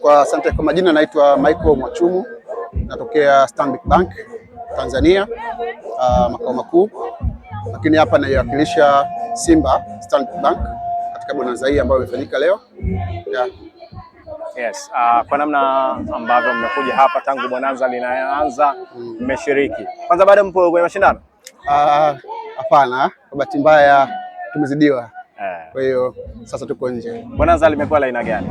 Kwa asante kwa majina, naitwa Michael Mwachumu, natokea Stanbic Bank Tanzania, uh, makao makuu, lakini hapa naiwakilisha Simba Stanbic Bank katika bonanza hii ambayo imefanyika leo yeah. Yes, uh, kwa namna ambavyo mmekuja hapa tangu bonanza linaanza mm. mmeshiriki mm. Kwanza bado mpo kwenye mashindano? Ah, hapana, uh, kwa bahati mbaya tumezidiwa Eh. Kwa hiyo sasa tuko nje. Bonanza limekuwa la aina gani?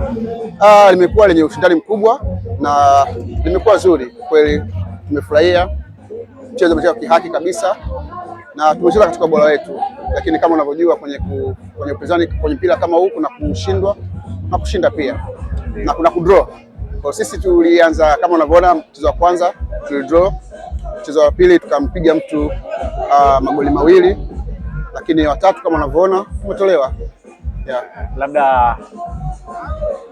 Ah, limekuwa lenye ushindani mkubwa na limekuwa zuri kweli, tumefurahia mchezo, umecheza kihaki kabisa na tumecheza katika bora wetu, lakini kama unavyojua kwenye ku, kwenye upinzani, kwenye mpira kama huu kuna kushindwa na kushinda pia na kuna kudraw. Kwa sisi tulianza kama unavyoona, mchezo wa kwanza tulidraw, mchezo wa pili tukampiga mtu uh, magoli mawili lakini watatu kama unavyoona umetolewa. Yeah. Labda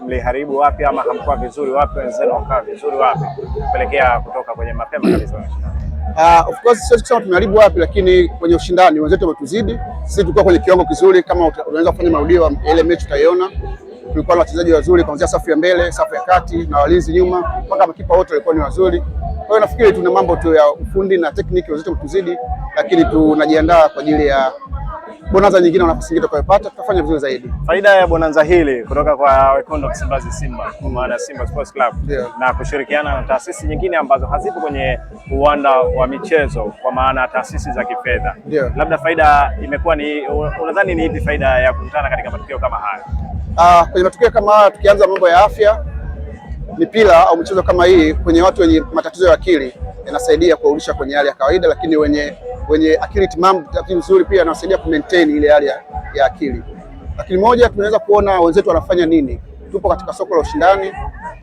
mliharibu wapi ama hamkuwa vizuri wapi, wenzenu wakawa vizuri wapi kupelekea kutoka kwenye mapema kabisa? Uh, of course siwezi kusema tumeharibu wapi, lakini kwenye ushindani wenzetu wametuzidi sisi. Tulikuwa kwenye kiwango kizuri, kama unaweza kufanya marudio ile mechi utaiona. Tulikuwa na wachezaji wazuri kuanzia safu ya mbele, safu ya kati na walinzi nyuma, mpaka makipa wote walikuwa ni wazuri. Kwa hiyo nafikiri tuna mambo tu ya ufundi na tekniki, wenzetu wametuzidi, lakini tunajiandaa kwa ajili ya bonanza nyingine wanafasi tukayopata, tutafanya vizuri zaidi. Faida ya bonanza hili kutoka kwa wekundu wa Kisimbazi Simba, kwa maana Simba Sports Club yeah, na kushirikiana na taasisi nyingine ambazo hazipo kwenye uwanda wa michezo, kwa maana taasisi za kifedha yeah, labda faida imekuwa ni, unadhani ni ipi faida ya kukutana katika matukio kama haya? Ah, kwenye matukio kama haya tukianza mambo ya afya, mipira au michezo kama hii kwenye watu wenye matatizo ya akili inasaidia kuwarudisha kwenye hali ya kawaida, lakini wenye wenye akili timamu, tafiti nzuri, pia anawasaidia ku maintain ile hali ya, ya akili. Lakini moja tunaweza kuona wenzetu wanafanya nini. Tupo katika soko la ushindani,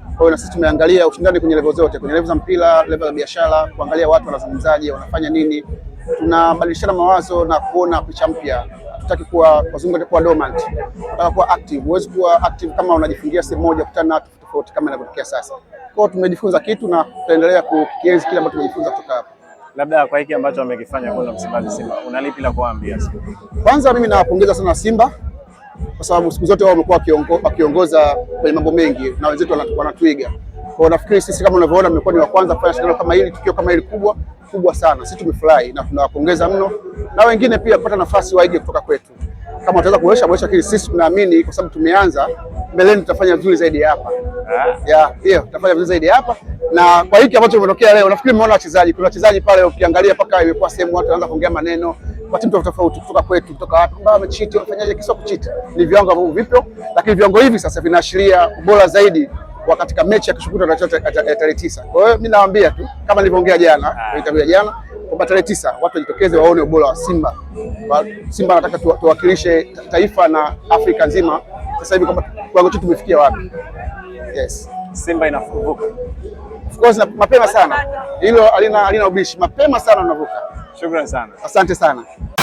kwa hiyo na sisi tumeangalia ushindani kwenye level zote, kwenye level za mpira, level za biashara, kuangalia watu wanazungumzaje, wanafanya nini. Tunabadilishana mawazo na kuona picha mpya. Hatutaki kuwa wazungu kuwa dormant, tunataka kuwa active. Huwezi kuwa active kama unajifungia sehemu moja, kutana na watu tofauti kama inavyotokea sasa. Kwa hiyo tumejifunza kitu na tutaendelea kukienzi kile ambacho tumejifunza kutoka hapa labda kwa hiki ambacho wamekifanya kwa Msimbazi Simba, unalipi la kuambia Kwanza mimi nawapongeza sana Simba kwa sababu siku zote wao wamekuwa wakiongoza kwenye mambo mengi na wenzetu wanatuiga. Kwa nafikiri sisi kama unavyoona mmekuwa ni wa kwanza kufanya shindano kama hili, tukio kama hili kubwa kubwa sana. Sisi tumefurahi na tunawapongeza mno, na wengine pia kupata nafasi waige kutoka kwetu kama wataweza kuboresha boresha, lakini sisi tunaamini kwa sababu tumeanza, mbeleni tutafanya vizuri zaidi hapa yeah, yeah, tutafanya vizuri zaidi hapa na kwa hiki ambacho kimetokea leo, nafikiri mmeona wachezaji, kuna wachezaji pale, ukiangalia mpaka imekuwa sehemu watu wanaanza kuongea maneno kwa timu tofauti, kutoka kwetu, kutoka wapi, kwamba wamechiti, wamefanyaje. Kisa kuchiti ni viwango ambavyo vipo, lakini viwango hivi sasa vinaashiria ubora zaidi wa katika mechi ya kesho kutwa tarehe tisa. Kwa hiyo mimi nawaambia tu kama nilivyoongea jana, ah. nitakuja jana kwamba tarehe tisa watu wajitokeze waone ubora wa Simba. Simba anataka tuwakilishe taifa na Afrika nzima sasa hivi kwamba kiwango chetu tumefikia wapi. Yes. Simba inafuvuka. Of course, mapema sana hilo alina ubishi, mapema sana unavuka. Shukrani sana, asante sana.